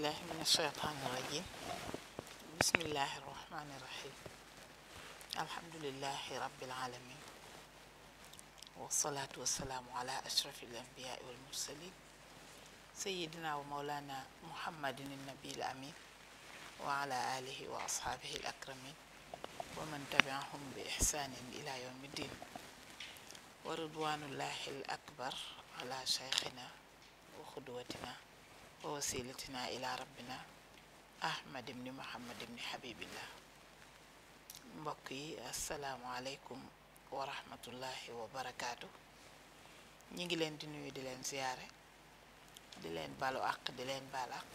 billahi min asheytaani irajim bismillahi irrahmani irrahim alhamdulilahi rabbil alamin wasalaatu wasalaamu ala ashrafi al anbiyaai wal mursalin sayidina wa maulana muhammadin nabil amin wa ala alihi wa ashaabihi al akramin wa man tabiahum bi ihsanin ila yawmi din wa ridwanullahi al akbar ala cheikhina wa xudwatina wa wasilatina ila rabbina ahmad ibni muhammad ibni habibillah mbokk yi asalaamualeykum wa rahmatullahi wa barakaatu ñi ngi leen di nuyu di leen ziyaare di leen balu àq di leen baal àq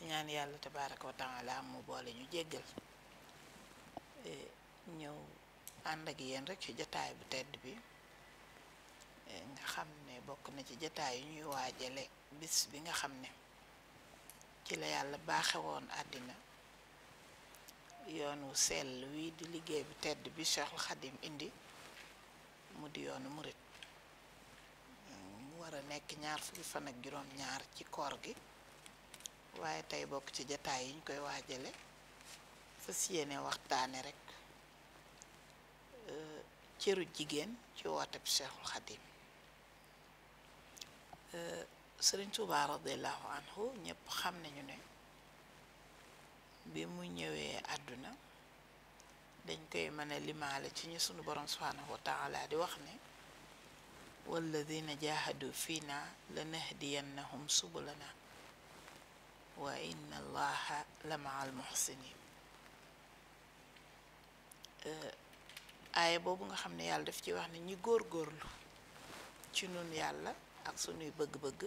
di ñaan yàlla tabaraka wa taala mu boole ñu jéggal e, ñëw àndak ak yéen rek ci jataay bu tedd bi e, nga xam ne bokk na ci jataay yi ñuy waajale bis bi nga xam ne ci la yàlla baaxe woon àddina yoonu sell wii di liggéey bu tedd bi Cheikhul Khadim indi mu di yoonu murit mu wara nekk ñaar fukki fan ak juróom ñaar ci koor gi waaye tey bokk ci jataay yi ñu koy waajale fas yéene waxtaane rekk euh, cëru jigéen ci wooteb Cheikhul Khadim euh, sëriñ Tuubaa radiallahu anhu ñëpp xam nañu ne bi mu ñëwee àdduna dañ koy mën a limaale ci ñu sunu borom subhanahu wa taala di wax ne walladina jahadu fiina la nahdiyannahum subulana wa inna allaha la maal muhsinin euh, aaya boobu nga xam ne yàlla def ci wax ne ñi góorgóorlu ci nun yàlla ak sunuy bëgg-bëgg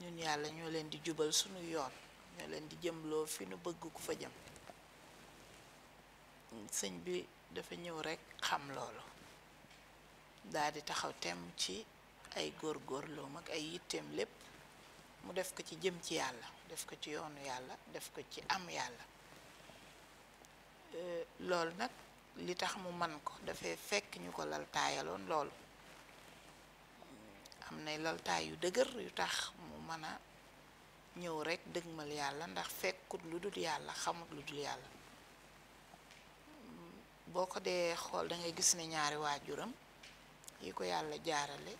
ñun yàlla ñoo leen di jubal sunu yoon ñoo leen di jëmloo fi nu bëgg ko fa jëm sëñ bi dafa ñëw rekk xam loolu daldi taxaw tem ci ay góorgóorloom ak ay yitteem lépp mu def ko ci jëm ci yàlla def ko ci yoonu yàlla def ko ci am yàlla euh, loolu nag li tax mu man ko dafay fekk ñu ko laltaayaloon loolu am nay laltaay yu dëgër yu tax mu mën a rekk rek dëgmal yàlla ndax fekkut lu dul yàlla xamut lu dul yàlla boo ko dee xool dangay gis ne ñaari waajuram yi ko yàlla jaarale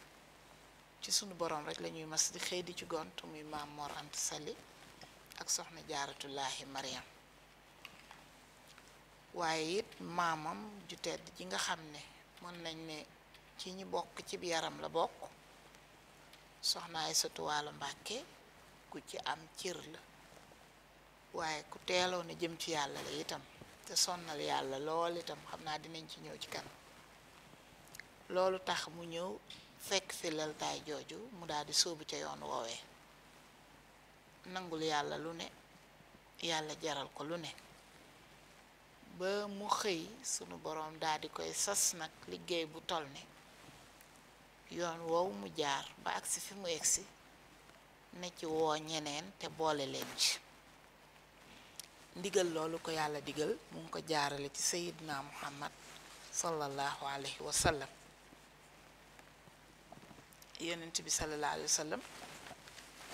ci sunu borom rek lañuy mas di xëy di ci gont muy maam Mor Anta Sali ak soxna jaaratullaahi Mariam waaye it maamam ju tedd ji nga xam ne mën nañ ne ci ñi bokk ci yaram la bokk soxna Aysatu Waalo Mbàkke ku ci am cër la waaye ku teeloo na jëm ci yàlla la itam te sonnal yàlla lool itam xam naa dinañ ci ñëw ci kanam loolu tax mu ñëw fekk ci laltaay jooju mu daldi di sóobu ca yoon woowee nangul yàlla lu ne yàlla jaral ko lu ne ba mu xëy sunu boroom daldi koy sas nag liggéey bu toll ne yoon woowu mu jaar ba agsi fi mu egsi na ci woo ñeneen te boole leen ci ndigal loolu ko yàlla digal mu ko jaarale ci sayidna muhammad sallallahu alayhi wa sallam yonent bi sallallahu alayhi wa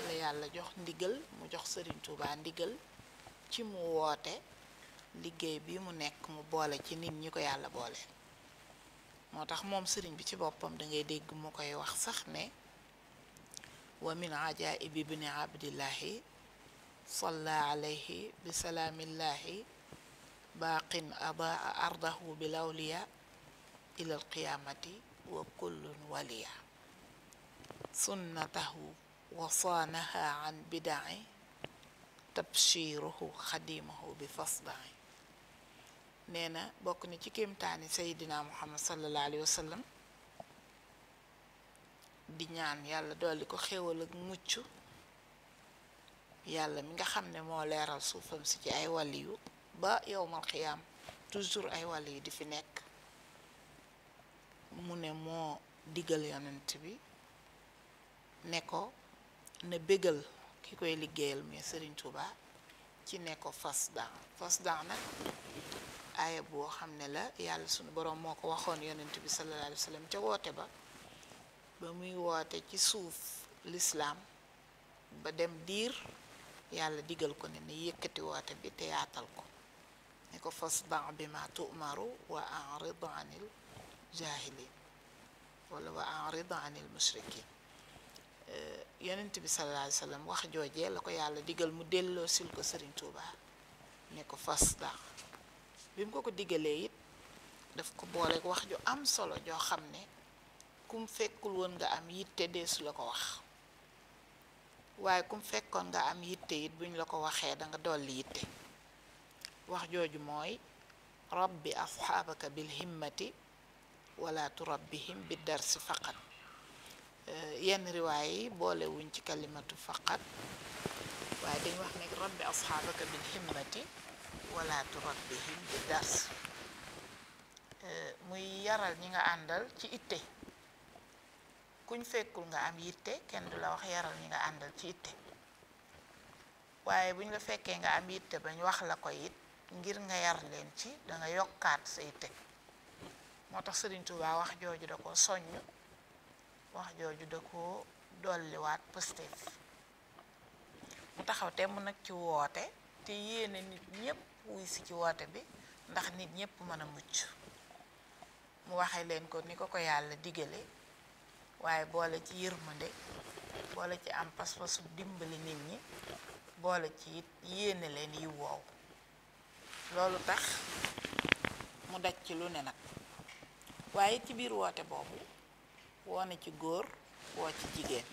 la yàlla jox ndigal mu jox sëriñ Tuubaa ndigal ci mu woote liggéey bi mu nekk mu boole ci nit ñi ko yàlla boole moo tax moom sëriñ bi ci boppam da dégg mu koy wax sax ne wa min ajaibi bni abdillahi salla alayhi bi salaamillahi baaqin adaa ardahu bi lawliya ilal qiyaamati wa kullun waliya sunnatahu wa saanaha an tabshiruhu xadimahu bi fasdaci nee na bokk na ci kéemtaani sayidina muhammad sallallahu alayhi wa sallam di ñaan yàlla dolli ko xéewal ak mucc yàlla mi nga xam ne moo leeral suufam si ci ay wàll yu ba yowmal xiyaam toujours ay wàll yu di fi nekk mu ne moo digal yonent bi ne ko na bégal ki koy liggéeyal mais Serigne Touba ci ne ko fas daan fas daan nag aaya boo xam ne la yàlla sunu boroom moo ko waxoon yonent bi sallallahu alayhi ca woote ba ba muy woote ci suuf lislaam ba dem diir yàlla digal ko ne ne yëkkati woote bi te yaatal ko ne ko fasda' bimaa tu'maru wa a'rid 'anil jaahiliin wala wa a'rid 'anil mushrikiin yonent bi sallallahu alayhi wax joojee la ko yàlla digal mu delloo sil ko Sëriñ Tuubaa ne ko fasda' bi mu ko ko diggalee it daf ko boole wax ju am solo joo xam ne kum fekkul woon nga am yitte deesu la ko wax waaye kum fekkoon nga am yitte it buñ la ko waxee danga nga dolli yitte wax jooju mooy rabbi asxaabaka bil himmati wala turabbihim bi darsi faqat eh, yenn riwaay yi boolewuñ ci kalimatu faqat waaye dañ wax ne rabbi asxaabaka bil himmati wala turabbihim bi dars eh, muy yaral ñi nga àndal ci itte kuñ fekkul nga am yitte kenn du la wax yaral ñi nga àndal ci itte waaye buñ la fekkee nga am yitte bañ wax la ko it ngir nga yar leen ci danga yokkaat sa yitte moo tax Sëriñ Tuubaa wax jooju da ko soññ wax jooju da ko dolliwaat pëstéef mu taxaw temm nag ci woote te yéene nit ñépp wuy ci woote bi ndax nit ñépp mën a mucc mu waxe leen ko ni ko ko yàlla digale waaye boole ci yërmande boole ci am pas-pasu dimbali nit ñi boole ci yéene leen yi woow loolu tax mu daj ci lu ne nag waaye ci biir woote boobu woone ci góor woo ci jigéen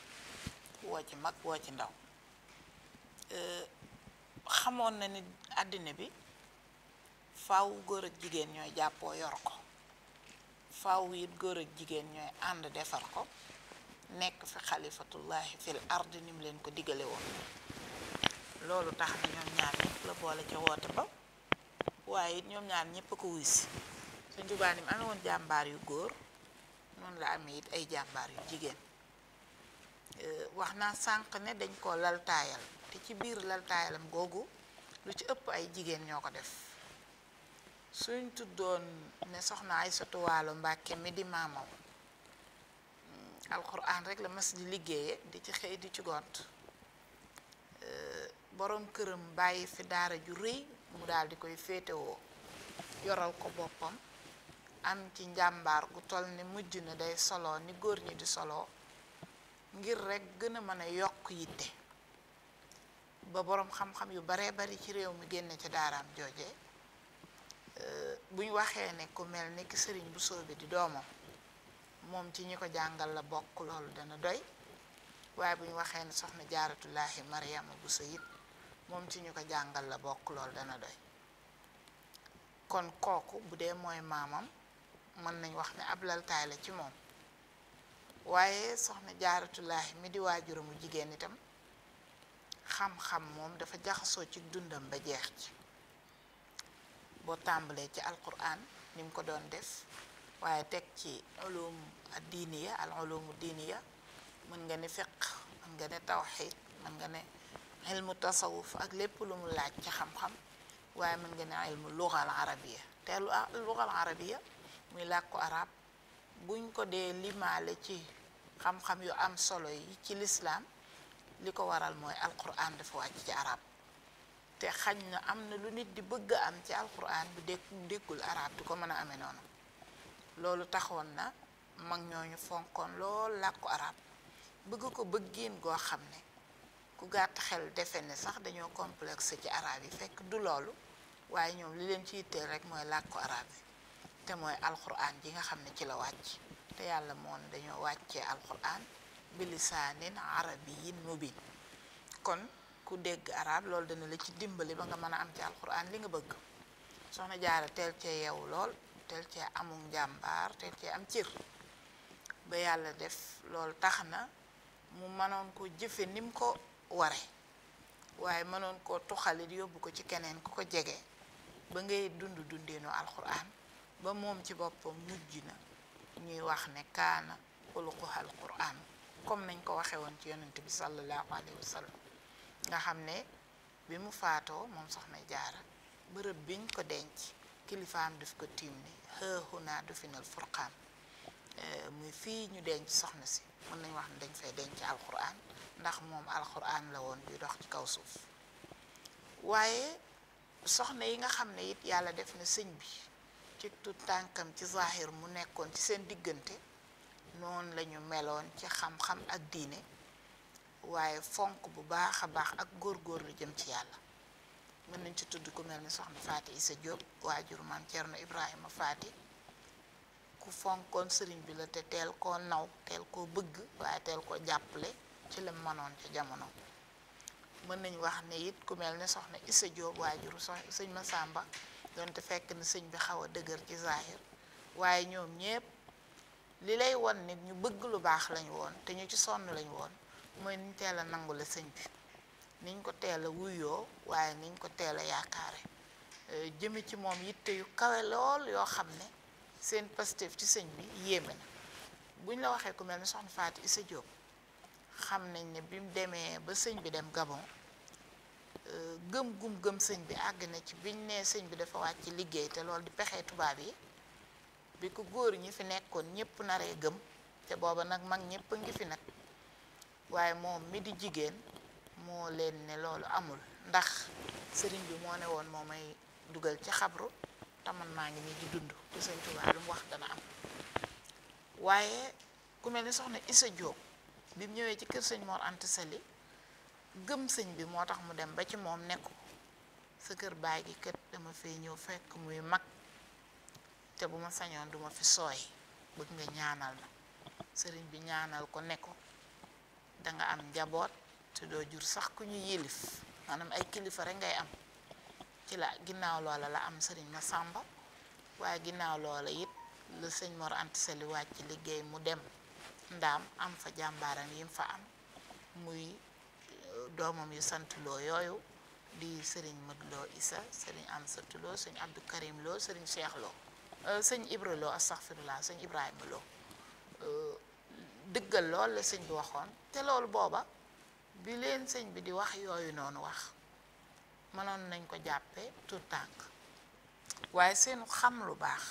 woo ci mag woo ci ndaw xamoon na ni àddina bi faw góor ak jigéen ñooy jàppoo yor ko faw it góor ak jigéen ñooy ànd defar ko nekk fi xalifatullahi fil ardi nim leen ko digale loolu tax ñoom ñaar ñëpp la boole ca woote ba waaye it ñoom ñaar ñëpp a ko wuy si suñ jubaa nim ame woon jàmbaar yu góor noonu la amee it ay jàmbaar yu jigéen wax naa sànq ne dañ ko laltaayal te ci biir laltaayalam googu lu ci ëpp ay jigéen ñoo ko def suñ tuddoon ne soxna Aysatu Waalo Mbàkke mi di maamam alxuraan rek la mas di liggéeye di ci xëy di ci gont borom këram bàyyi fi daara ju rëy mu daal di koy féetewoo yoral ko boppam am ci njàmbaar gu toll ni mujj na day soloo ni góor ñi di soloo ngir rekk gën a mën a yokk yitte ba boroom xam-xam yu baree bari ci réew mi génne ci daaraam jooje bu ñu waxee ne ku mel ni ki sëriñ bu soobe di doomam moom ci ñi ko jàngal la bokk loolu dana doy waaye bu waxee ne soxna jaaratullaahi mariama bu sa it moom ci ñu ko jàngal la bokk loolu dana doy kon kooku bu dee mooy maamam mën nañ wax ne ab laltaay la ci moom waaye soxna jaaratullaahi mi di waajuramu jigéen itam xam-xam moom dafa jaxasoo ci dundam ba jeex ci boo tàmbalee ci alquran ni mu ko doon def waaye teg ci ulum diiniya al ulumu diiniya mën nga ni fiq mën nga ne tawxid mën nga ne mu tasawuf ak lépp lu mu laaj ci xam-xam waaye mën nga ne ilmu lugal arabiya te ah, lugal arabiya muy làkku arab buñ ko dee limaale ci xam-xam yu am solo yi ci lislaam li ko waral mooy alquran dafa wàcc ci arab te xañ na am na lu nit di bëgg am ci alquran bu dégg déggul arab du ko mën a amee noonu loolu taxoon na mag ñooñu fonkoon lool làkku arab bëgg ko bëggin goo xam ne ku gàtt xel defe ne sax dañoo complexe ci araab yi fekk du loolu waaye ñoom li leen ci yitteel rek mooy làkku arab yi te mooy alquran ji nga xam ne ci la wàcc te yàlla moon dañoo wàccee alquran bilisaanin arabiyin mubin kon ku dégg araab loolu dana la ci dimbali ba nga mën a am ci alquran li nga bëgg soxna jaara teel cee yeewu lool teel cee amum jàmbaar teel cee am cir ba yàlla def lool tax na mu mënoon koo jëfe nim ko ware waaye mënoon koo tuxalit yóbbu ko ci keneen ku ko jege ba ngay dund dundeenu alxuraan ba moom ci boppam mujj na ñuy wax ne kaana xuluquha alquran comme nañ ko waxe woon ci yonent bi sallallahu alayhi wa nga xam ne bi mu faatoo moom soxna jaara bërëb biñ ko denc kilifaam daf ko tiim ni xëexu naa du final furqaam euh, muy fii ñu denc soxna si mën nañ wax ne dañ fay denc alxuraan ndax moom alxuraan la woon di dox ci kaw suuf waaye soxna yi nga xam ne it yàlla def na sëñ bi ci tut tànkam ci zahir mu nekkoon ci seen diggante noonu lañu meloon ci xam-xam ak diine waaye fonk bu baax a baax góor lu jëm ci yàlla mën nañ ci tudd ku mel ni soxna Faati Isa Diop waajuru maam Cerno Ibrahima Faati ku fonkoon sëriñ bi la te teel koo naw teel ko bëgg waaye teel ko jàppale ci la mënoon ca jamono mën nañ wax ne it ku mel ni soxna Isa Diop waajuru sox sëñ Masamba donte fekk na sëñ bi xaw a dëgër ci zahir waaye ñoom ñépp li lay won nit ñu bëgg lu baax lañu woon te ñu ci sonn lañu woon mooy niñ teel a nangu la sëñ bi niñ ko teel a wuyoo waaye niñ ko teel a yaakaare euh, jëme ci moom yitte yu kawe lool yoo xam ne seen Pastef ci sëñ bi yéeme na buñ la waxee ko mel ne soxna Fatou Issa Diop xam nañ ne bi demee ba sëñ bi dem Gabon euh, gëm gum gëm sëñ bi àgg na ci biñ nee sëñ bi dafa wàcc liggéey te loolu di pexee tubaab yi bi ko góor ñi fi nekkoon ñëpp naree gëm te booba nag mag ñëpp ngi fi nag waaye moom mi di jigéen moo leen ne loolu amul ndax sëriñ bi moo ne woon moo may dugal ci xabru te maa ngi nii di dund te sëñ Tuubaa mu wax dana am waaye ku mel ni soxna Isa Jóob bi mu ñëwee ci kër sëñ Mor Anta Sali gëm sëñ bi moo tax mu dem ba ci moom nekku sa kër baay gi kët dama fee ñëw fekk muy mag te bu ma sañoon duma fi sooy bëgg nga ñaanal na sëriñ bi ñaanal ko ne da nga am njaboot te doo jur sax ku ñu yilif maanaam ay kilifa rek ngay am ci la ginnaaw loola la am sëriñ Masamba waaye ginnaaw loola it la sëñ Mor Anta wàcc ci liggéey mu dem ndaam am fa jàmbaaram yim fa am muy euh, doomam yu sant yooyu di sëriñ Modou Lo Issa sëriñ Amsatou Lo sëñ Abdou loo Lo sëriñ Cheikh Lo euh, sëñ Ibra Lo astaghfirullah sëñ Ibrahima Lo dëggal lool la sëñ bi waxoon te loolu booba bi leen sëñ bi di wax yooyu noonu wax mënoon nañ ko jàppe tout tànk waaye seenu xam lu baax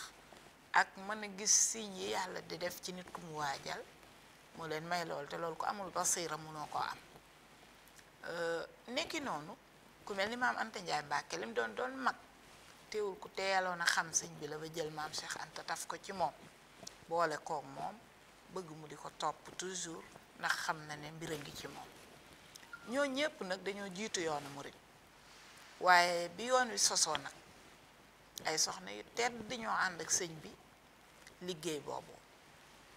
ak mën a gis signe yi yàlla di def ci nit ku mu waajal moo leen may lool te loolu ko amul basiira munoo koo am euh, nekki noonu ku mel ni maam Anta Ndiaye Mbàkke lim doon doon mag teewul ku teeloon a xam sëñ bi la ba jël maam Cheikh Anta taf ko ci moom boole koog moom bëgg mu di ko topp toujours ndax xam na ne mbir a ngi ci moom ñoo ñëpp nag dañoo jiitu yoonu murit waaye bi yoon wi sosoo nag ay soxna yu tedd dañoo ànd ak sëñ bi liggéey boobu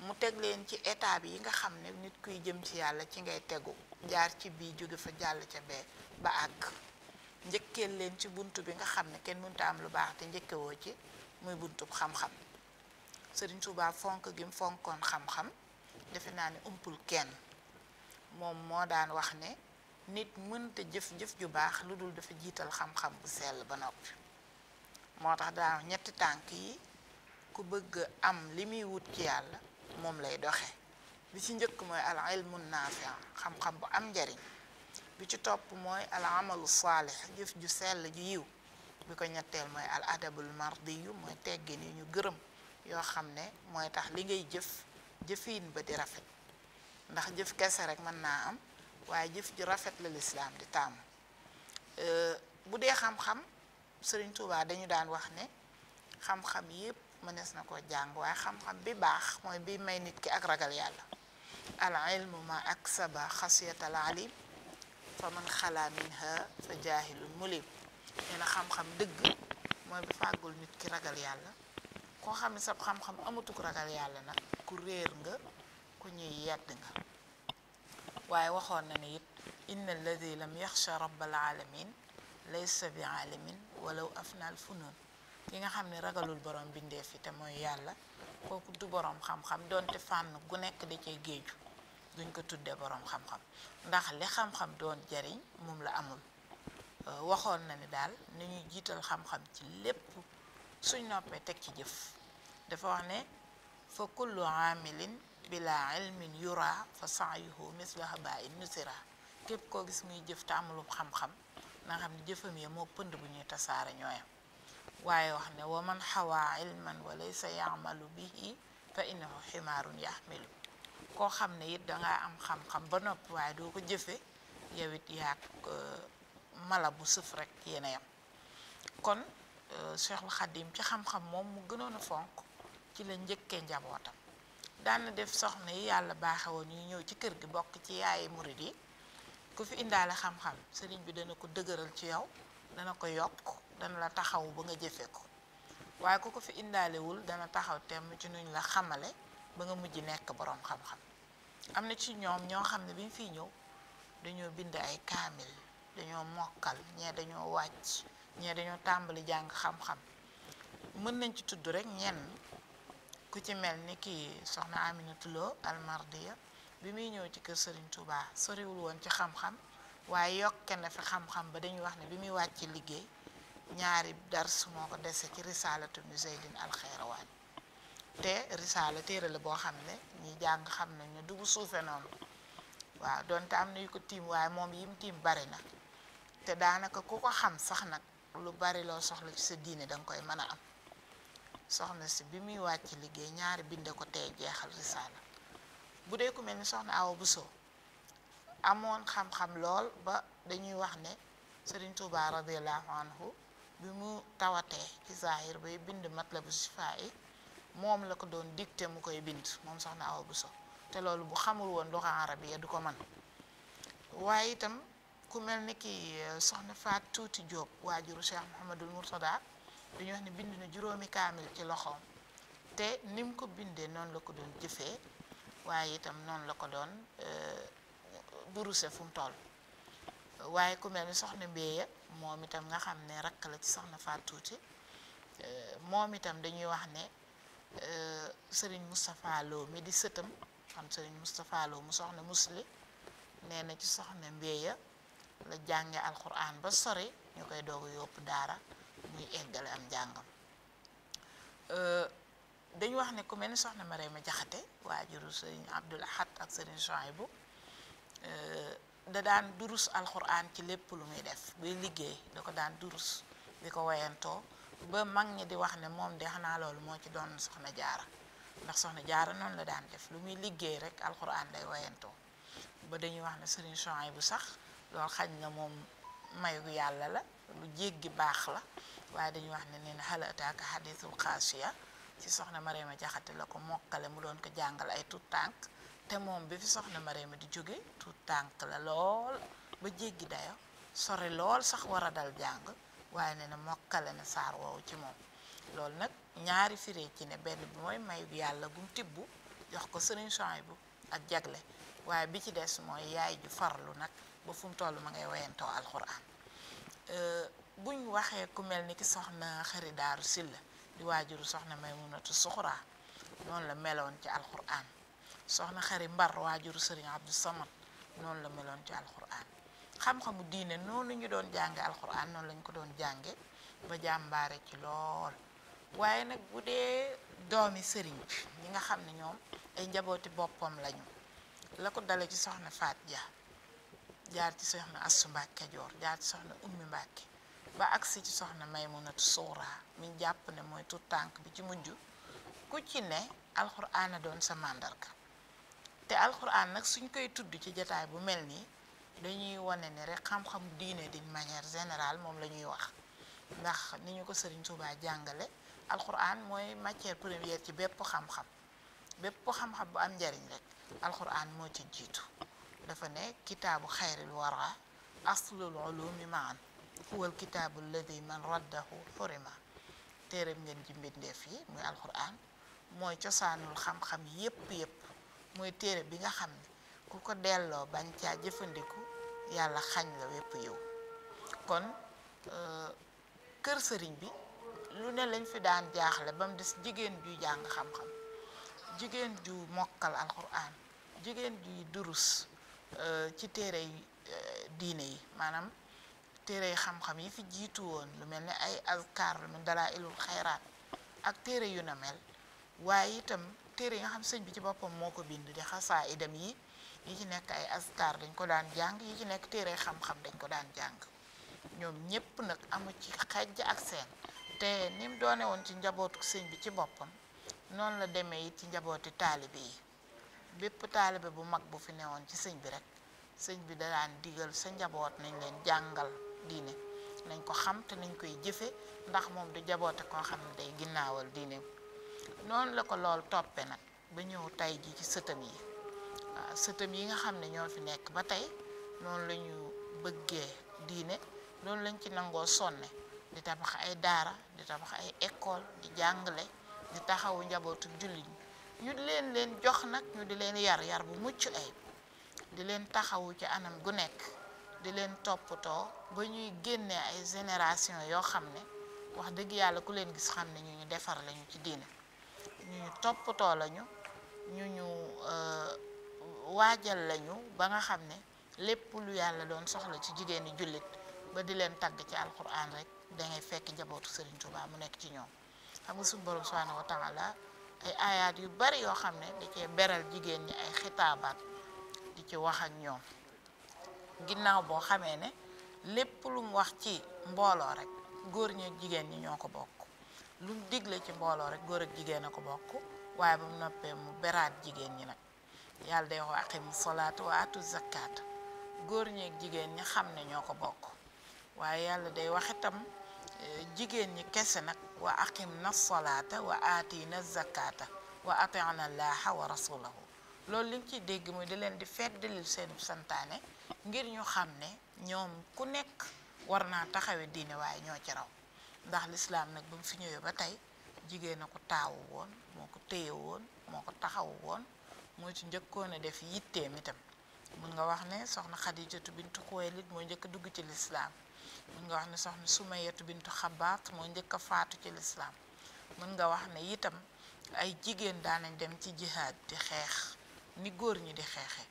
mu teg leen ci bi yi nga xam ne nit kuy jëm ci yàlla ci ngay tegu njaar ci bii jóge fa jàll ca bee ba àgg njëkkeel leen ci bunt bi nga xam ne kenn mënta am lu baax te njëkkewoo ci muy buntub xam-xam Serigne Touba fonk gi mu fonkoon xam-xam defe naa ne ëmpul kenn moom moo daan wax ne nit mënta jëf-jëf ju baax lu dul dafa jiital xam-xam bu sell ba noppi moo tax daa ñetti tànk yi ku bëgg am li muy wut ci yàlla moom lay doxe bi ci njëkk mooy al ilmu naafi xam-xam bu am njariñ bi ci topp mooy al amalu saalih jëf ju sell ju yiw bi ko ñetteel mooy al adabul mardiyu mooy teggin yu ñu gërëm yoo xam ne mooy tax li ngay jëf jëfin ba di rafet ndax jëf kese rek mën naa am waaye jëf ju rafet la lislaam di taamu euh, bu dee xam-xam Sëriñ Tuubaa dañu daan wax ne xam-xam yépp mënees na ko jàng waaye xam-xam bi baax mooy bi may nit ki ak ragal yàlla al ilmu ma aksaba xasiyatal alim fa man xalaa minha fa jaahilun mulim nee xam-xam dëgg mooy bi fàggul nit ki ragal yàlla koo xam ne sa xam-xam amatuk ragal yàlla nag ku réer nga ku ñuy yedd nga waaye waxoon na ne it inna alladi lam yaxsha rabbal alamin laysa bi alamin walaw afnaal funoon ki nga xam ne ragalul borom bindeef yi te mooy yàlla kooku du borom xam-xam doonte fànn gu nekk da cee géeju duñ ko tuddee boroom xam-xam ndax li xam-xam doon jariñ moom la amul waxoon na ni daal ni ñuy jiital xam-xam ci lépp suñ noppee teg ci jëf dafa wax ne fa kullu aamilin bila ilmin yura fa saayuhu misla habain nusira képp koo gis muy jëf te amulu xam-xam na nga xam ne jëfam ya moo pënd bu ñuy tasaare ñooyam waaye wax ne wa man xawaa ilman wa laysa yaamalu bihi fa innahu ximaarun yaxmilu koo xam ne it dangaa am xam-xam ba noppi waaye doo ko jëfe yow it euh, mala bu sëf rek yéena yam kon Euh, Cheikhul Khadim ci xam-xam moom mu gënoon a fonk ci la njëkkee njabootam daan na def soxna yi yàlla baaxe woon yu ñëw ci kër gi bokk ci yaayi murid yi ku fi indaale xam-xam sëriñ bi dana ko dëgëral ci yow dana ko yokk dana la taxaw ba nga jëfe ko waaye ku ko fi indaalewul dana taxaw temm ci nuñ la xamale ba nga mujj nekk boroom xam-xam am na ci ñoom ñoo xam ne bi ñu fiy ñëw dañoo bind ay kaamil dañoo mokkal ñee dañoo wàcc ñee dañoo tàmbali jàng xam-xam mën nañ ci tudd rek ñenn ku ci mel ni kii soxna Aminata Lo almardiya bi muy ñëw ci kër sëriñ Touba soriwul woon ci xam-xam waaye yokke na fi xam-xam ba dañuy wax ne bi muy wàcc liggéey ñaari dars moo ko dese ci risalatu museydin alxeyrawaan te risala téere la boo xam ne ñi jàng xam nañ ne dugu suufe noonu waaw donte am na yu ko tiim waaye moom yim tiim bari na te daanaka ku ko xam sax nag lu bari loo soxla ci sa diine danga koy mën a am soxna si bi muy wàcc liggéey ñaari binde ko tey jeexal risaala bu dee ku mel ni soxna Awa Bousso amoon xam-xam lool ba dañuy wax ne Sëriñ Tuubaa la anhu bi mu tawatee ci zahir bay bind Matlabu Sifaa yi moom la ko doon dicté mu koy bind moom soxna Awa Bousso te loolu bu xamul woon luxa arabiya du ko mën waaye itam ku mel ni ki euh, soxna Faat Tuuti Diop waajuru Cheikh Mouhamadul Mourtada dañuy wax ne bind na juróomi kaamil ci loxoom te nim ko bindee noonu la ko doon jëfee waaye itam noonu la ko doon duruse euh, fu mu toll waaye ku mel ni soxna Mbeeya moom itam nga xam ne rakk la ci soxna Faat Tuuti euh, moom itam dañuy wax ne Serigne Moustapha Lo mi di sëtam xam Serigne Moustapha Lo mu soxna musli nee na ci soxna Mbeeya la jànge alxuraan ba sori ñu koy doogu yóbbu daara muy eggale am jàngam euh, dañu wax ne ku mel ni soxna ma ma Jaxate waajuru sëriñ Abdul Ahad ak sëriñ Sohaybu euh, da daan durus alxuraan ci lépp lu muy def buy liggéey da ko daan durus di ko wayantoo ba mag ñi di wax ne moom de xanaa loolu moo ci doon soxna jaara ndax soxna jaara noonu la daan def lu muy liggéey rek alxuraan lay wayantoo ba dañuy wax ne sëriñ Sohaybu bu sax lool xaj na moom mayu yàlla la lu jéggi baax la waaye dañu wax ne nee na hal ataaka xadiisul xaasiya ci soxna Mariama Jaxate la ko mokkale mu doon ko jàngal ay tuut tànk te moom bi fi soxna Mariama di jóge tuut tànk la lool ba jéggi dayo sori lool sax war a dal jàng waaye nee na mokkale na saar woowu ci moom loolu nag ñaari firee ci ne benn bi mooy mayu yàlla gum tibbu jox ko sëriñ Suhaybu ak jagle waaye bi ci des mooy yaay ju farlu nag ba fu mu toll ma ngay wayantoo alxuraan euh, buñ waxee ku mel ni ki soxna xari daaru silla di waajuru soxna maymunatu suxraa noonu la meloon ci alxuraan soxna xari mbar waajuru sëriñ abdu samad noonu la meloon ci alxuraan xam-xamu diine noonu ñu doon jànge alxuraan noonu lañ ko doon jànge ba jàmbaare ci lool waaye nag bu dee doomi sëriñ ñi nga xam ne ñoom ay njabooti boppam lañu la ko dale ci soxna Faat Ja jaar ci soxna Assu Mbàkke Kajoor jaar ci soxna Ummi Mbàkke ba agsi ci soxna Maymunatu Suura mi jàpp ne mooy tout tànk bi ci mujj ku ci ne alxuraan a doon sa màndarga te alxuraan nag suñ koy tudd ci jataay bu mel nii dañuy wane ne rek xam-xamu diine d'une manière générale moom la ñuy wax ndax ni ñu ko sëriñ Tuubaa jàngale alxuraan mooy matière première ci bépp xam-xam bépp xam-xam bu am njariñ rek alxuraan moo ci jiitu dafa ne kitaabu xayril wara aslul ulumi maan huwal kitaabu alladi man raddahu xurima téeréb ngeen ji mbindeef yi muy alquran mooy cosaanul xam-xam yépp yépp mooy téere bi nga xam ne ku ko delloo bañ caa jëfandiku yàlla xañ la wépp yow kon euh, kër sëriñ bi lu ne lañ fi daan jaaxle ba mu des jigéen juy jàng xam-xam jigéen ju mokkal alquran jigéen juy durus Euh, ci téere euh, diine yi maanaam téere xam-xam yi fi jiitu woon lu mel ni ay azkar lu mel dalaa ilul xayraat ak téere yu na mel waaye itam téere yi nga xam sëñ bi ci boppam moo ko bind di xasaa idam yi yi ci nekk ay azkar dañ ko daan jàng yi ci nekk téere xam-xam dañ ko daan jàng ñoom ñépp nag amu ci xejj ak seen te ni mu doone woon ci njabootu sëñ bi ci boppam noonu la demee it ci njabooti taalibe yi bépp taalibe bu mag bu fi newoon ci sëñ bi rek sëñ bi da daan digal sa njaboot nañ leen jàngal diine nañ ko xam te nañ koy jëfe ndax moom du jaboote koo xam ne day ginnaawal diine noonu la ko lool toppe nag ba ñëw tey ji ci sëtam yi waaw yi nga xam ne ñoo fi nekk ba tey noonu la ñu bëggee diine loolu lañ ci nangoo sonne di tabax ay daara di tabax ay école di jàngale di taxawu njabootu jullit ñu leen leen jox nag ñu di leen yar yar bu mucc ayib di leen taxawu ci anam gu nekk di leen toppatoo ba ñuy génnee ay génération yoo xam ne wax dëgg yàlla ku leen gis xam ne ñu ñu defar lañu ci diine ñu ñu toppatoo lañu ñu ñu euh, waajal lañu ba nga xam ne lépp lu yàlla doon soxla ci jigéeni jullit ba di leen tagg ci alquran rek da ngay fekk njabootu Serigne Touba mu nekk ci ñoom xam nga suñu borom subhanahu ay ayaat yu bari yoo xam ne da cee beral jigéen ñi ay xitaabaat di ci wax ak ñoom ginnaaw boo xamee ne lépp lum wax ci mbooloo rek góor ñeek jigéen ñi ñoo ko bokk lu digle ci mbooloo rek góor ak jigéen a ko bokk waaye ba mu noppee mu beraat jigéen ñi nag yàlla day wax mu salaat wa atu zakaat góor ñeek ak jigéen ñi xam ne ñoo ko bokk waaye yàlla day wax jigéen ñi kese nag wa aqim na solaata wa na zakata wa atina llaaha wa rasulahu loolu liñ ciy dégg muy di leen di feddalil seen santaane ngir ñu xam ne ñoom ku nekk war naa taxawe diine waaye ñoo ci raw ndax lislaam nag ba mu fi ñëwee ba tey jigéen a ko taawu woon moo ko téye woon moo ko taxawu woon moo ci njëkkoon a def yitteem itam mun nga wax ne soxna Xadijatu bintu Xuwaylid moo njëkk dugg ci lislaam mën nga wax ne soxna Sumayatu bintu Xabaat moo njëkk a faatu ci lislaam mën nga wax ne itam ay jigéen daanañ dem ci jihaad di xeex ni góor ñi di xeexe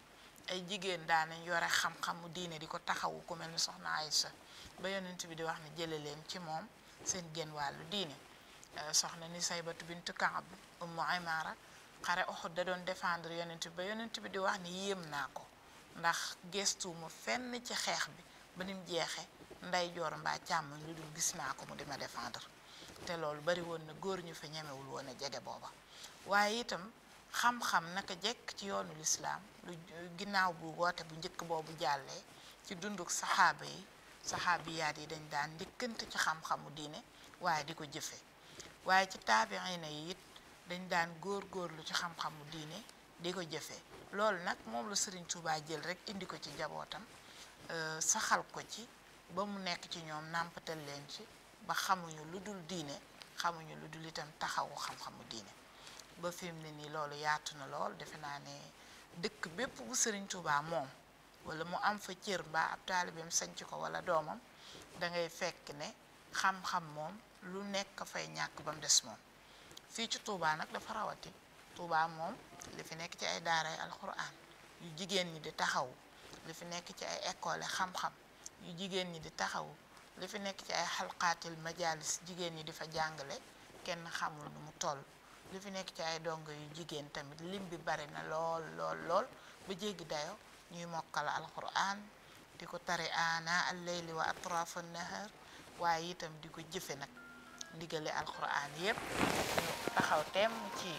ay jigéen daanañ yore xam mu diine di ko taxawu ko mel ni soxna Aysa ba yonent bi di wax ne jële leen ci moom seen genn wàllu diine eh, soxna ni saybatu bintu Kaab ummu Aymaara xare Uhud da doon défendre yonent bi ba yonent bi di wax ni yéem naa ko ndax gestuuma fenn ci xeex bi ba nim jeexe nday joor mbaa càmmoñ lu dul gis naa ko mu di ma défendre te loolu bariwoon na góor ñu fa ñemewul woon a jege booba waaye itam xam-xam naka jekk ci yoonu lislaam lu ginnaaw bu woote bu njëkk boobu jàllee ci dunduk saxaaba yi saxaabiyaat yi dañ daan ndikkante ci xam-xamu diine waaye di ko jëfe waaye ci taabiina yi it dañ daan góor góor lu ci xam-xamu diine di ko jëfe loolu nag moom lu Sëriñ Tuubaa jël rek indi ko ci njabootam euh, saxal ko ci ba mu nekk ci ñoom nàmpatal leen ci ba xamuñu lu dul diine xamuñu lu dul itam taxawu xam-xamu diine ba fim mu ne nii loolu yaatu na lool defe naa ne dëkk bépp bu Sëriñ Tuubaa moom wala mu am fa cër mbaa ab taalibeem sanc ko wala doomam da ngay fekk ne xam-xam moom lu nekk fay ñàkk ba mu des moom fii ci Tuubaa nag dafa rawati Tuubaa moom li fi nekk ci ay daaray alxuraan yu jigéen ñi di taxaw li fi nekk ci ay école xam-xam yu jigéen ñi di taxawu li fi nekk ci ay xalqatil majalis jigéen ñi di fa jàngale kenn xamul nu mu toll li fi nekk ci ay dongo yu jigéen tamit lim bi bari na lool lool ba jéggi dayo ñuy mokkal alquran di ko tari ana al wa atrafa nahar waaye itam di ko jëfe nag ndigale alquran yépp ñu taxaw teem ci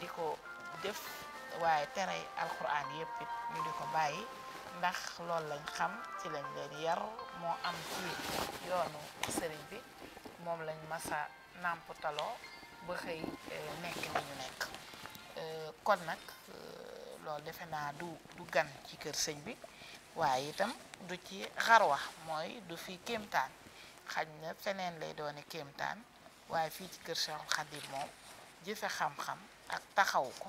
di ko def waaye tere alquran yépp ñu di ko bàyyi ndax loolu lañ xam ci lañ leen yar moo am ci yoonu sëriñ bi moom lañ masaa nàmputaloo ba xëy euh, nekk ni nekk euh, kon nag euh, loolu defe naa du du gan ci kër sëñ bi waaye itam du ci xarwa mooy du fi kéemtaan xaj na feneen lay doone kéemtaan waaye fii ci kër Cheikh Khadim moom jëfe xam-xam ak taxawu ko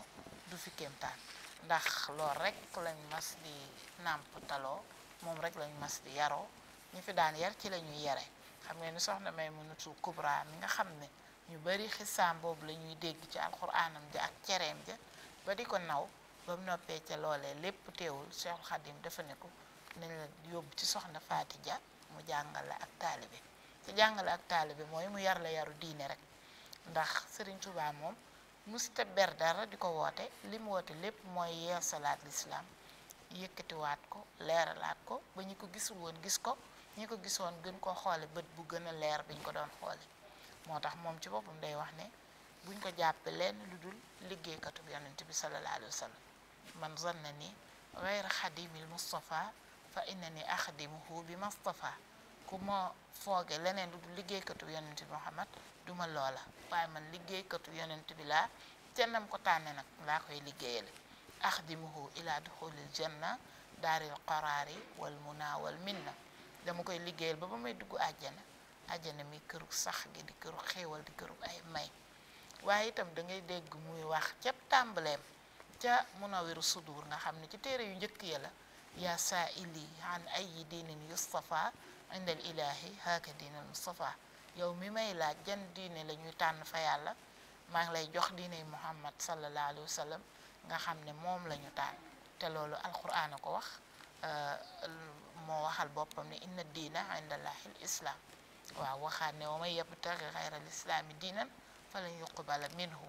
du fi kéemtaan ndax loolu rek lañ mas di nàmptaloo moom rek lañ mas di yaroo ñu fi daan yar ci la ñuy yare xam ngeen ni soxna may mënutu kubra mi nga xam ne ñu bari xisaam boobu la ñuy dégg ci alxuraanam ja ak cereem ja ba di ko naw ba noppee ca loolee lépp teewul Cheikhul Khadim dafa ne ko nañ yóbbu ci soxna Faati Ja mu jàngale ak taalibe te jàngale ak taalibe mooy mu yar la yaru diine rek ndax Serigne Touba moom musta ber dara di ko woote li mu woote lépp mooy yeesalaat lislaam yëkkatiwaat ko leeralaat ko ba ñi ko gisul woon gis ko ñi ko gisoon gën ko xoole bët bu gën a leer biñ ko doon xoole moo tax moom ci boppam day wax ne buñ ko jàppe lenn lu dul liggéeykatu bi yonent bi sallallahu alayhi wa sallam man zanna ni gayra xadimil mustafa fa innani axdimuhu bi mustafa ku ma fooge leneen lu dul liggéeykatu yonent bi Muhammad du loola waaye man liggéeykatu yonent bi laa cennam ko tànne nag laa koy liggéeyale axdimuhu ila duxulil janna daaril qaraari wal muna wal minna dama koy liggéeyal ba ba may dugg àjjana àjjana mi këru sax gi di këru xéewal di këru ay may waaye itam da dégg muy wax ca tàmbaleem ca munawiru sudur nga xam ne ci téere yu njëkk ya la yaa saa ili an ay yi diinin yustafa indal ilaahi haaka diinal mustafa yow mi may laaj jan diine la ñuy tànn fa yàlla maa ngi lay jox diiney muhammad sallallahu alayhi wa nga xam ne moom lañu ñu tànn te loolu alquran a ko wax moo waxal boppam ne inna diina indallahi l islaam waaw waxaan ne wa man yabtaghi ghayra l islaami diinan falan yuqbala minhu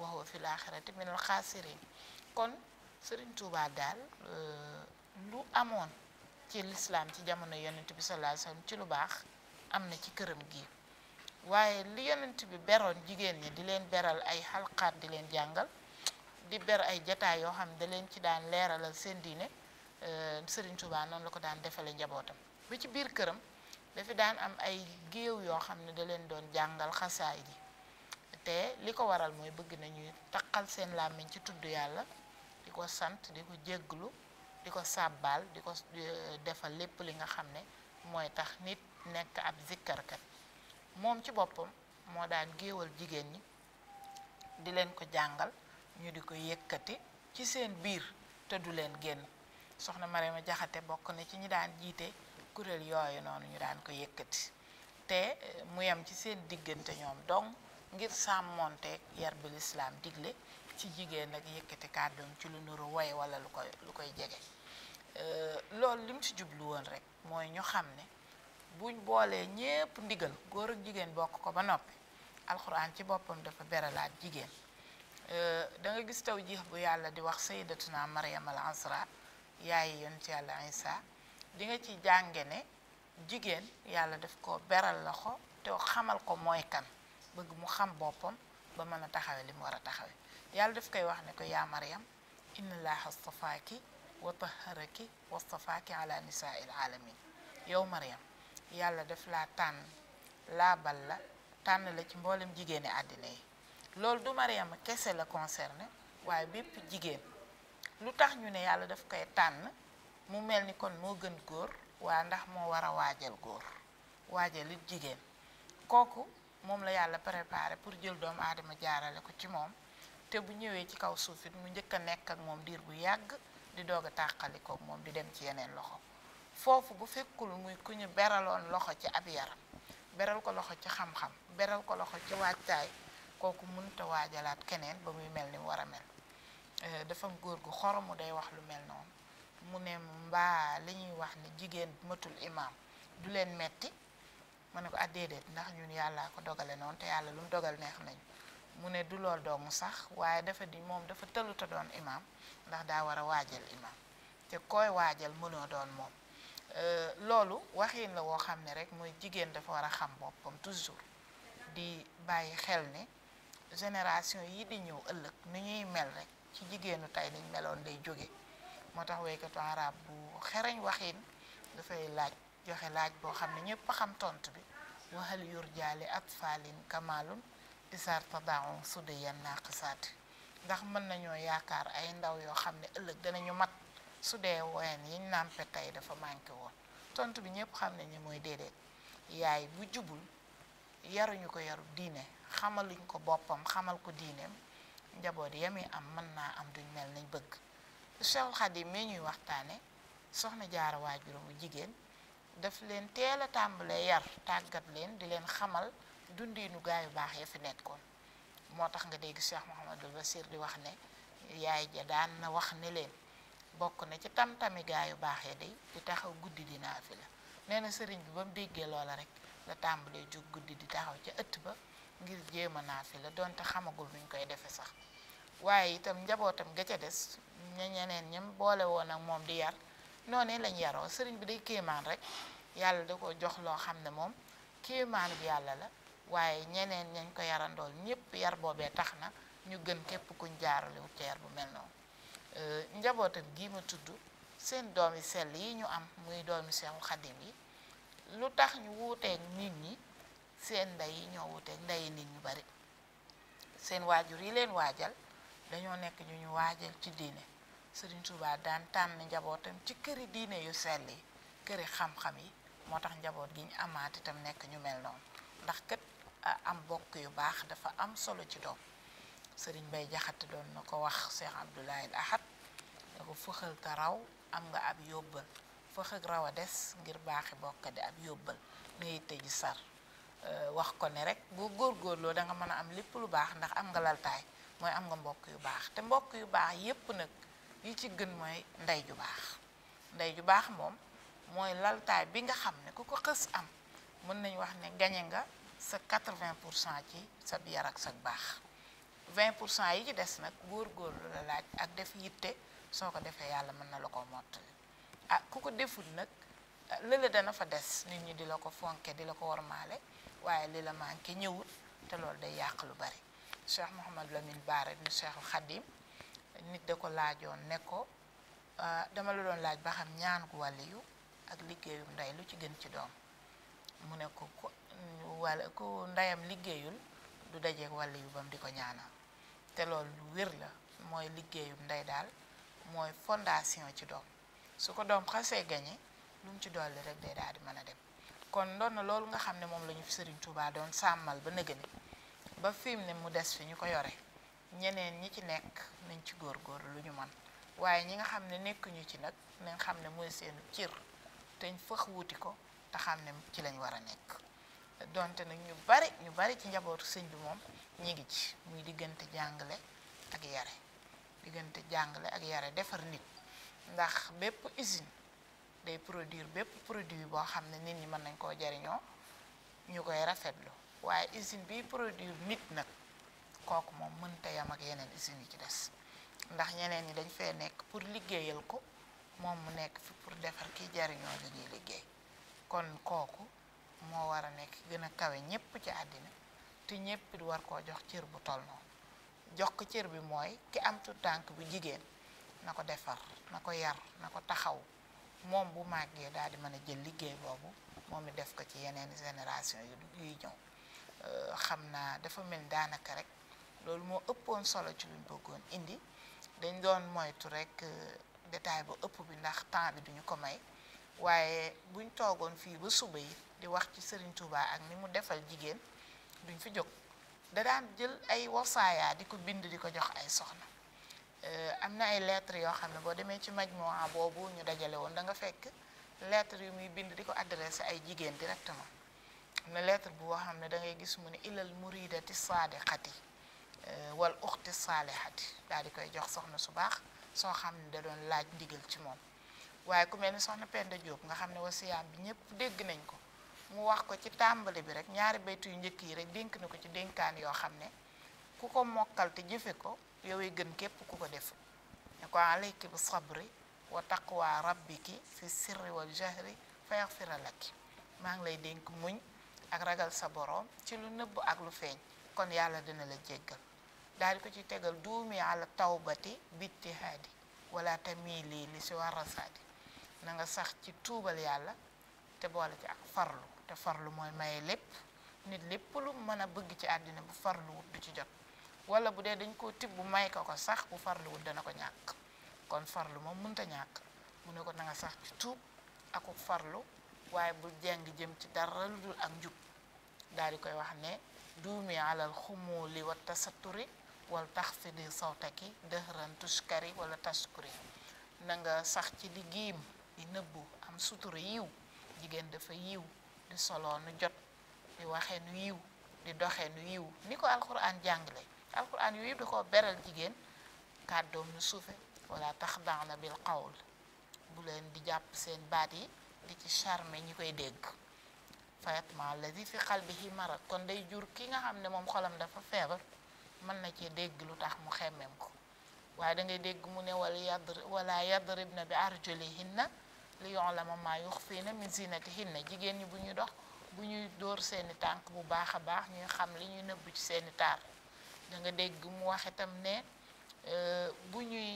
wa fi l axirati min kon Sëriñ Tuubaa daal euh, lu amoon ci lislaam ci jamono yonent bi sallallahu alayhi wasallam ci lu baax am na ci këram gi waaye li yonent bi beroon jigéen ñi di leen beral ay xalqaat di leen jàngal di ber ay jataay yoo xam da leen ci daan leeralal seen diine eh, Sëriñ Tuubaa noonu la ko daan defale njabootam ba ci biir këram dafi daan am ay géew yoo xam ne da leen doon jàngal xasaay ji te li ko waral mooy bëgg nañuy taqal seen làmmiñ ci tudd yàlla di ko sant di ko jégglu di ko sàbbaal di ko eh, defal lépp li nga xam ne mooy tax nit nekk ab zikkarkat moom ci boppam moo daan géwal jigéen ñi di leen ko jàngal ñu di ko yëkkati ci seen biir te du leen génn soxna ma Jaxate bokk na ci ñi daan jiite kuréel yooyu noonu ñu daan ko yëkkati te eh, mu yem ci seen diggante ñoom donc ngir sàmmonte yar bi lislaam digle ci jigéen ak yëkkati kàddoom ci lu nuru woy walla lu koy lu koy jege Euh, loolu li mu ci jublu woon rek mooy ñu xam ne buñ boolee ñépp ndigal góor ak jigéen bokk ko ba noppi alxuraan ci boppam dafa beralaat jigéen euh, da nga gis taw jiix bu yàlla di wax sayyidatuna Maryam al Ansra yaay yonent yàlla Isa di nga ci jànge ne jigéen yàlla daf ko beral loxo te xamal ko mooy kan bëgg mu xam boppam ba mën a taxawe li mu war a taxawe yàlla daf koy wax ne ko yaa Maryam inna laaha stafaaki wa taharaki wastafaaki ala nisaa il alamin yow mariyam yàlla def laa tànn laabal la tànn la ci mbooleem jigéeni àddina yi loolu du Mariam kese la concerné waaye bépp jigéen lu tax ñu ne yàlla daf koy tànn mu mel ni kon moo gën góor waa ndax moo war a waajal góor waajal it jigéen kooku moom la yàlla préparé pour jël doom aadama jaarale ko ci moom te bu ñëwee ci kaw suuf mu njëkk a nekk ak moom diir bu yàgg di doog a tàqalikook moom di dem ci yeneen loxo foofu bu fekkul muy ku ñu beraloon loxo ci ab yaram beral ko loxo ci xam-xam beral ko loxo ci waajtaay kooku mënta waajalaat keneen ba muy mel ni war a mel eh, dafa góor gu xoromu day wax lu mel noonu mu ne mbaa li ñuy wax ni jigéen matul imaam du leen metti ma ne ko ah déedéet ndax ñun yàllaa ko dogale noonu te yàlla lu mu dogal neex nañu mu ne du lool doomu sax waaye dafa di moom dafa tëluta doon imaam ndax daa war a waajal imaam te koy waajal mënoo doon moom euh, loolu waxiin la woo xam ne rek mooy jigéen dafa war a xam boppam toujours di bàyyi xel ne génération yi di ñëw ëllëg ni ñuy mel rek ci jigéenu tey niñ meloon lay jóge moo tax woykatu arab bu xereñ waxiin dafay laaj joxe laaj boo xam ne ñëpp xam tontu bi waxal yurjaali atfaalin kamalun bisaar tadaawu sudde yenn naaqisaati ndax mën nañoo yaakaar ay ndaw yoo xam ne ëllëg dana ñu mat su dee woyen yiñ nàmpe tey dafa manqué woon tontu bi ñëpp xam ne ñu mooy déedéet yaay bu jubul yaruñu ko yaru diine xamaluñ ko boppam xamal ko diineem njaboot yami am mën naa am duñ mel nañ bëgg Cheikhul Khadim mi ñuy waxtaane soxna jaara waajuru mu jigéen daf leen teel a yar tàggat leen di leen xamal dundiinu gaa yu baax ya fi nekkoon moo tax nga dégg Cheikh Mouhamadul Basir di wax ne yaay ja daan na wax ne leen bokk na ci tam-tami gaa yu baax ya day di taxaw guddi di naafila la na sëriñ bi ba mu déggee loola rek la tàmbalee jóg guddi di taxaw ca ëtt ba ngir jéem a la donte xamagul nuñ koy defee sax waaye itam njabootam ga ca des ña ñeneen ñam boole woon ak moom di yar noonee lañ yaroo sëriñ bi day kéemaan rek yàlla da ko jox loo xam ne moom kéemaanub yàlla la waaye ñeneen ñañ ko yarandool ñëpp yar boobee tax na ñu gën képp kuñ jaarale wut ca yar bu mel noonu euh, njabootam gii ma tudd seen doom yi sell yi ñu am muy doomi seexu xadim yi lu tax ñu wuuteeg nit ñi seen ndey yi ñoo nit ñu bari seen waajur yi leen waajal dañoo nekk ñu ñu waajal ci diine Sëriñ Tuubaa daan tànn njabootam ci këri diine yu sell yi këri xam-xam yi moo tax njaboot gi ñu amaat itam nekk ñu mel noonu ndax kat am bokk yu baax dafa am solo ci doom sëriñ bay jaxate doon na ko wax Cheikh Abdoulaye Ahad ne ko fëxal te raw am nga ab yóbbal fëx ak raw a des ngir baaxi bokk di ab yóbbal nay tëji sar wax ko ne rek boo góorgóorloo da nga mën a am lépp lu baax ndax am nga laltaay mooy am nga mbokk yu baax te mbokk yu baax yépp nag yi ci gën mooy ndey ju baax ndey ju baax moom mooy laltaay bi nga xam ne ku ko xës am mën nañ wax ne gañe nga sa quatre 80 pour cent ci sa yar ak sa baax vingt pour cent yi ci des nag góorgóorlu la laaj ak def yitte soo ko defee yàlla mën na la ko mott ah ku ko deful nag ah, lële dana fa des nit ñi di la ko fonke di la ko war maale waaye li la manqué ñëwul te loolu day yàq lu bari Cheikh Mouhamad Lamine Bara ni Cheikh Khadim nit da ko laajoon ne ko ah, dama la doon laaj ba xam ñaan gu wàlliyu ak liggéeyum ndey lu ci gën ci doom mu ne ko ko Mm, wala ku ndeyam liggéeyul du dajeeg wàll yu bam di ko ñaana te loolu lu wér la mooy liggéeyub ndey daal mooy fondation ci doom su ko doom xasee gañe lu mu ci dolli rek day daal di mën a dem kon doon na loolu nga xam ne moom la ñu fi Serigne Touba doon sàmmal ba nëgëni ba fi ne mu des fi ñu ko yore ñeneen ñi ci nekk nañ ci góor góor lu ñu man waaye ñi nga xam ne nekkuñu ci nag nañ xam ne mooy seen cir te ñu fëx wuti ko te xam ne ci lañ war a nekk. donte nag ñu bari ñu bari ci njabootu sëñ bi moom ñi ngi ci muy diggante jàngale ak yare diggante jàngale ak yare defar nit ndax bépp usine day produire bépp produit boo xam ne nit ñi mën nañ koo jariñoo ñu koy rafetlu waaye usine bi produire nit nag kooku moom mënta yam ak yeneen usines yi ci des ndax ñeneen ñi dañ fee nekk pour liggéeyal ko moom mu nekk fi pour defar kiy jariñoo li ñuy liggéey kon kooku moo war a nekk gën a kawe ñépp ci àddina te ñépp it war koo jox cër bu toll noonu jox ko cër bi mooy ki am tu tànk bu jigéen na ko defar na ko yar na ko taxaw moom bu màggee daal di mën a jël liggéey boobu moom it def ko ci yeneen génération yu yuy ñëw euh, xam naa dafa mel daanaka rek loolu moo ëppoon solo ci luñ bëggoon indi dañ doon moytu rek euh, détail bu ëpp bi ndax temps bi duñu ko may waaye buñ toogoon fii ba suba yi di wax ci Serigne Touba ak ni mu defal jigéen duñ fi jóg da daan jël ay wasaaya di ko bind di ko jox ay soxna euh, am na ay lettres yoo xam ne boo demee ci majmuwa boobu ñu dajale woon da nga fekk lettres yu muy bind di ko adressé ay jigéen directement am na lettre bu boo xam ne da ngay gis mu ne ilal muridati saadiqati euh, wal uxti saalihati daal di koy jox soxna su baax soo xam ne da doon laaj ndigal ci moom waaye ku mel ni soxna Penda Diop nga xam ne wasiyaam bi ñëpp dégg nañ ko mu wax ko ci tàmbali bi rek ñaari baytu yu njëkk yi rek dénk na ko ci dénkaan yoo xam ne ku ko mokkal te jëfe ko yowee gën képp ku ko def ne ko alayki bi sabri wa taqwa rabbiki si sirri wal jahri fa yaxfira laki maa ngi lay dénk muñ ak ragal sa boroom ci lu nëbb ak lu feeñ kon yàlla dina la jéggal daal di ko ci tegal duumi ala tawbati bittihaadi wala tamili li si warasaadi na nga sax ci tuubal yàlla te boole ci ak farlu te farlu mooy maye lépp nit lépp lu mën a bëgg ci àddina bu farluwut du ci jot wala bu dee dañ koo tib bu may ko ko sax bu farluwut dana ko ñàkk kon farlu moom mënta ñàkk mu ne ko na sax ci tuub aku farlu waaye bu jeng jëm ci dara lu dul ak njub daal di koy wax ne duumi alal xumuuli wa tasatturi wal taxfidi sawtaki dëhran tuskari wala taskuri na nga sax ci di giim di nëbbu am sutura yiw jigéen dafa yiw di soloo nu jot di waxee nu yiw di doxe nu yiw ni ko alxuraan jàngale alxuraan yu yëpp da koo beral jigéen kàddoom nu suufe wala tax daan bi xawul bu leen di jàpp seen baat yi di ci charme ñi koy dégg fayatma allazi fi qalbihi marad kon day jur ki nga xam ne moom xolam dafa feebar mën na cee dégg lu tax mu xemmem ko waaye da dégg mu ne wala yadr wala yadribna bi arjulihinna li yon la ma maa yux fii na min zinatihinna jigéen ñi bu ñu dox bu ñuy dóor seeni tànk bu baax a baax ñuy xam li ñuy nëbbu ci seeni taar da nga dégg mu wax itam ne euh, bu ñuy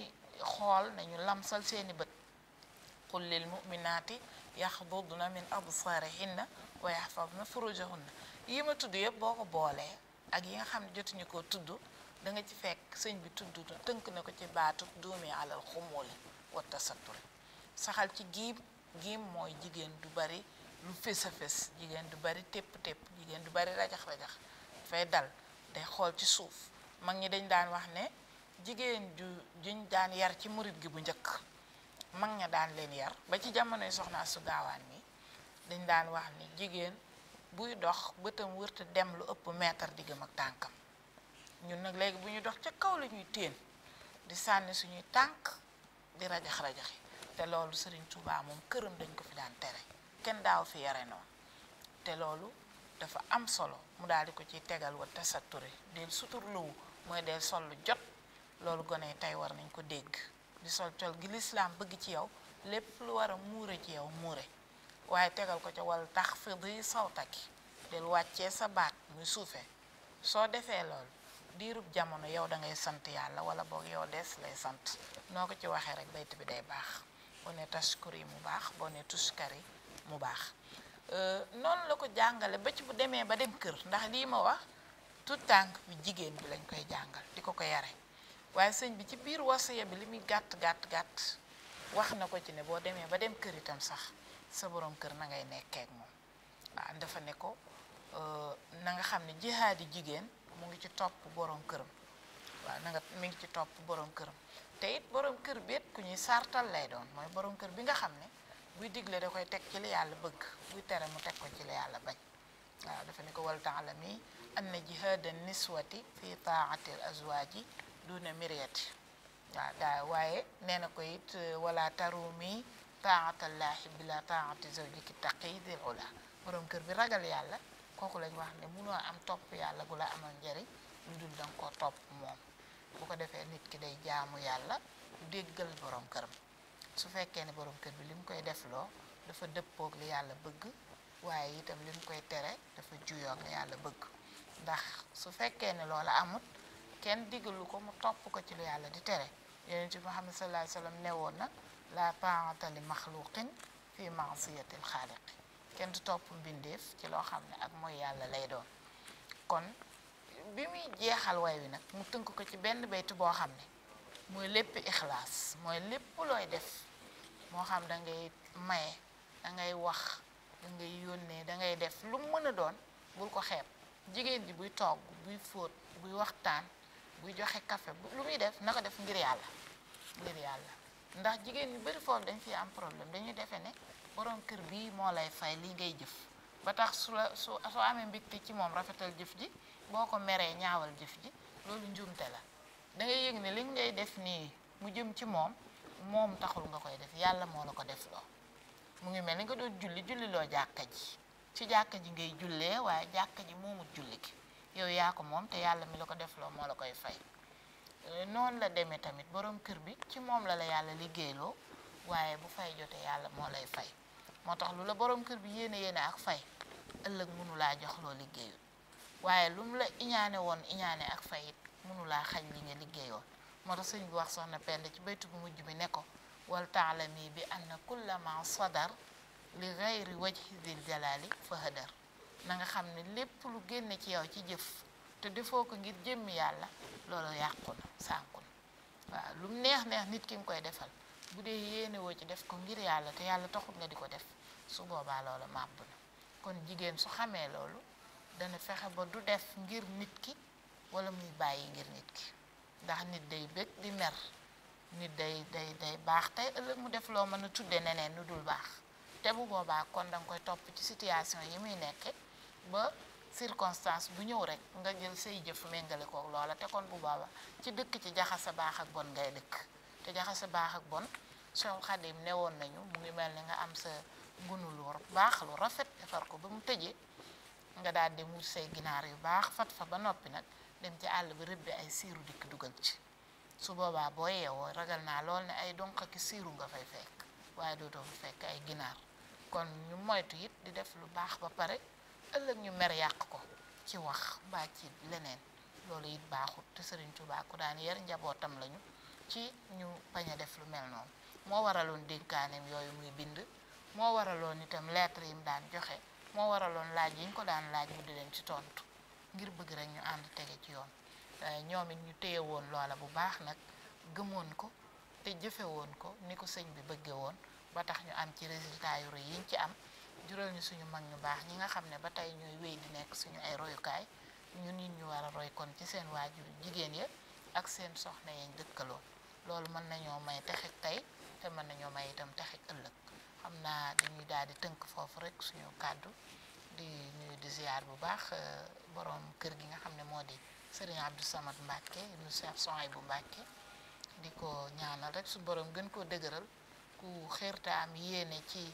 xool nañu lamsal seeni bët qul lil muminaati yaxdudna min absarihinna wa yaxfadna furujahunna yi ma tudd yëpp boo ko boolee ak yi nga xam ne jotuñu ko tudd danga ci fekk sëñ bi tudd tënk na ko ci baatu duumi alal xumuli wa tasatturi saxal ci giim giim mooy jigéen du bari lu fés fés jigéen du bari tépp tépp jigéen du bari rajax rajax dafay dal day xool ci suuf mag ñi dañ daan wax ne jigéen ju juñ daan yar ci murit gi bu njëkk mag ña daan leen yar ba ci jamonoy soxnaa su gaawaan mi dañ daan wax ni jigéen buy dox bëtam wërta dem lu ëpp meetar diggam ak tànkam ñun nag léegi bu ñu dox ca kaw la ñuy téen di sànni suñuy tànk di rajax rajaxi te loolu Serigne Touba moom këram dañ ko fi daan tere kenn daaw fi yare noonu te loolu dafa am solo mu daal di ko ci tegal sa wa tasature sutur suturluwu mooy del sol lu jot loolu gone tey war nañ ko dégg di sol col gi lislaam bëgg ci yow lépp lu war a muure ci yow muure waaye tegal ko ca wal tax fidi sawtaki del wàccee sa baat muy suufee soo defee loolu diirub jamono yow da ngay sant yàlla wala boog yow des lay sant noo ko ci waxee rek bayt bi day baax boo ne tashkuri mu baax boo ne tushkari mu baax euh, noonu la ko jàngale ba ci bu demee ba dem kër ndax lii ma wax tout tànk bi jigéen bi lañ koy jàngal di ko ko yare waaye sëñ bi ci biir wasiya bi li muy gàtt gàtt gàtt wax na ko ci ne boo demee ba dem kër itam sax sa borom kër na ngay nekkee ak moom waaw dafa ne ko euh, na nga xam ne jihaadi jigéen mu ngi ci topp borom këram waaw na nga mi ngi ci topp boroom këram te it borom kër bi it ku ñuy sartal lay doon mooy boroom kër bi nga xam ne buy digle da koy teg ci li yàlla bëgg buy tere mu teg ko ci la yàlla bañ waaw dafa ni ko wal taalami anna jihaada niswati fi taati azwaaji duna miriyati waaw daa waaye nee na ko it wala tarumi taatallaahi bila taati zawjiki taqi dil ula borom kër bi ragal yàlla kooku lañ wax ne munoo am topp yàlla gu la amal njëriñ lu dul danga koo topp moom bu ko defee nit ki day jaamu yàlla déggal borom këram su fekkee ne borom kër bi li mu koy def loo dafa dëppoog li yàlla bëgg waaye itam li mu koy tere dafa juyoog li yàlla bëgg ndax su fekkee ne loola amut kenn digalu ko mu topp ko ci lu yàlla di tere yonent bi Muhammad sallallahu alayhi wa sallam newoon na la taa'ata li maxluqin fi ma'siyatil xaaliq kenn du topp mbindeef ci loo xam ne ak mooy yàlla lay doon kon bi muy jeexal waay wi nag mu tënk ko ci benn baytu boo xam ne mooy lépp ixlaas mooy lépp looy def moo xam dangay ngay maye da ngay wax da ngay yónnee da ngay def lu mu mën a doon bul ko xeeb jigéen ji buy togg buy fóot buy waxtaan buy joxe café lu muy def na ko def ngir yàlla ngir yàlla ndax jigéen ñu bari foofu dañ fi am problème dañuy defee ne borom kër bii moo lay fay li ngay jëf ba tax su la su soo amee mbégte ci moom rafetal jëf ji boo ko meree ñaawal jëf ji loolu njuumte la da ngay yëg ne li ngay def nii mu jëm ci moom moom taxul nga koy def yàlla moo la ko def loo mu ngi mel ni nga doon julli julli loo ci jàkka ji ngay jullee waaye jàkka ji moomut julli gi yow yaa ko moom te yàlla mi ko def loo moo la koy fay eh, noonu la demee tamit borom kër bi ci moom la la yàlla liggéeyloo waaye bu fay jotee yàlla moo lay fay moo tax lu la boroom kër bi yéene yéene ak fay ëllëg mënu laa jox loo liggéeyut waaye lu mu la iñaane woon iñaane ak fayit mënulaa xañ li nga liggéeyoon moo tax sëñ bi wax soxna pend ci baytu bu mujj bi ne ko wal taalami bi na kullama sadar li gayri wajhi dil jalaali fa hadar na nga xam ne lépp lu génne ci yow ci jëf te defoo ko ngir jëmmi yàlla loolu yàqu na sànku waaw lu mu neex neex nit ki nga koy defal bu dee yéenewoo ci def ko ngir yàlla te yàlla taxul nga di ko def su boobaa loolu màbb na kon jigéen su xamee loolu dana fexe ba du def ngir nit ki wala muy bàyyi ngir nit ki ndax nit day bëgg di mer nit day day day baax tey ëllëg mu def loo mën a tudde neneen nu dul baax te bu boobaa kon da koy topp ci situation yi muy nekke ba circonstance bu ñëw rek nga jël say jëf méngale kook loola te kon bu boobaa ci dëkk ci jaxase baax ak bon ngay dëkk te jaxase baax ak bon Seexul ne woon nañu mu ngi mel ni nga am sa gunu lu baax lu rafet defar ko ba mu tëjee nga daal dem wut say ginaar yu baax fat fa ba noppi nag dem ci àll bi rëbbi ay siiru dikk dugal ci su boobaa boo yeewoo ragal naa lool ne ay donq ki siiru nga fay fekk waaye dootoo fa fekk ay ginaar kon ñu moytu it di def lu baax ba pare ëllëg ñu mer yàq ko ci wax mbaa ci leneen loolu it baaxut te Sëriñ Tuubaa ku daan yar njabootam lañu ci ñu bañ a def lu mel noonu moo waraloon dénkaaneem yooyu muy bind moo waraloon itam lettre yi mu daan joxe moo waraloon laaj yi ñu ko daan laaj mu di leen ci tontu ngir bëgg rek ñu ànd tege ci yoon eh, ñoom it ñu téye woon loola bu baax nag gëmoon ko te jëfe woon ko ni ko sëñ bi bëgge woon ba tax ñu am ci résultat yu yiñ ci am jural suñu mag ñu baax ñi nga xam ne ba tey ñooy wéy di nekk suñu ay royukaay ñun nit ñu war a roy kon ci seen waajur jigéen yi ak seen soxna yañ dëkkaloo loolu mën nañoo may texeg tey te mën nañoo may itam texeg ëllëg xam naa dañuy daal di tënk foofu rek suñu kàddu di nuyu di bu baax euh, borom kër gi nga xam ne moo di Serigne Abdou Samad Mbacke nu Cheikh bu Mbacke di ko ñaanal rek su boroom gën koo dëgëral ku am yéene ci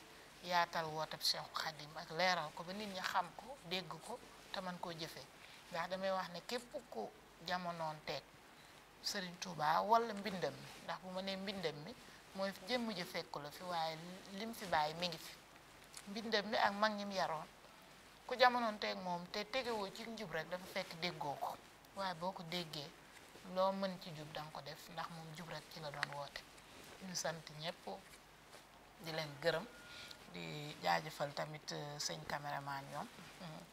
yaatal wootab Cheikh Khadim ak leeral ko ba nit ñi xam ko dégg ko te mën koo jëfe ndax damay wax ne képp ku jamonoon teeg Serigne Touba wala mbindam mi ndax bu ma nee mbindam mi. mooy jëmm ji fekku la fi waaye lim fi bàyyi mi ngi fi mbindam mi ak mag ñim yaroon ku jamonoon teeg moom te tegewoo ci njub rek dafa fekk déggoo ko waaye boo ko déggee loo mën ci jub danga ko def ndax moom jub rek ci la doon woote ñu sant ñëpp di leen gërëm di jaajëfal tamit euh, sëñ caméraman ñoom mm-hmm.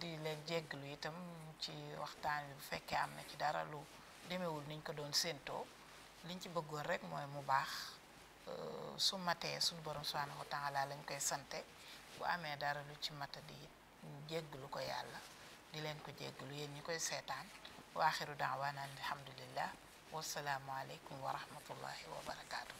di leen jégglu itam ci waxtaan wi bu fekkee am na ci dara lu demewul niñ ko doon séentoo liñ ci bëggoon rek mooy mu baax su matee suñ borom subhanahu wa taala lañ koy sante bu amee dara lu ci mata di jégglu ko yàlla di leen ko jégglu yéen ñi koy seetaan waaxiru daawaana alhamdulillah wasalaamualeykum wa rahmatullahi wa barakaatu.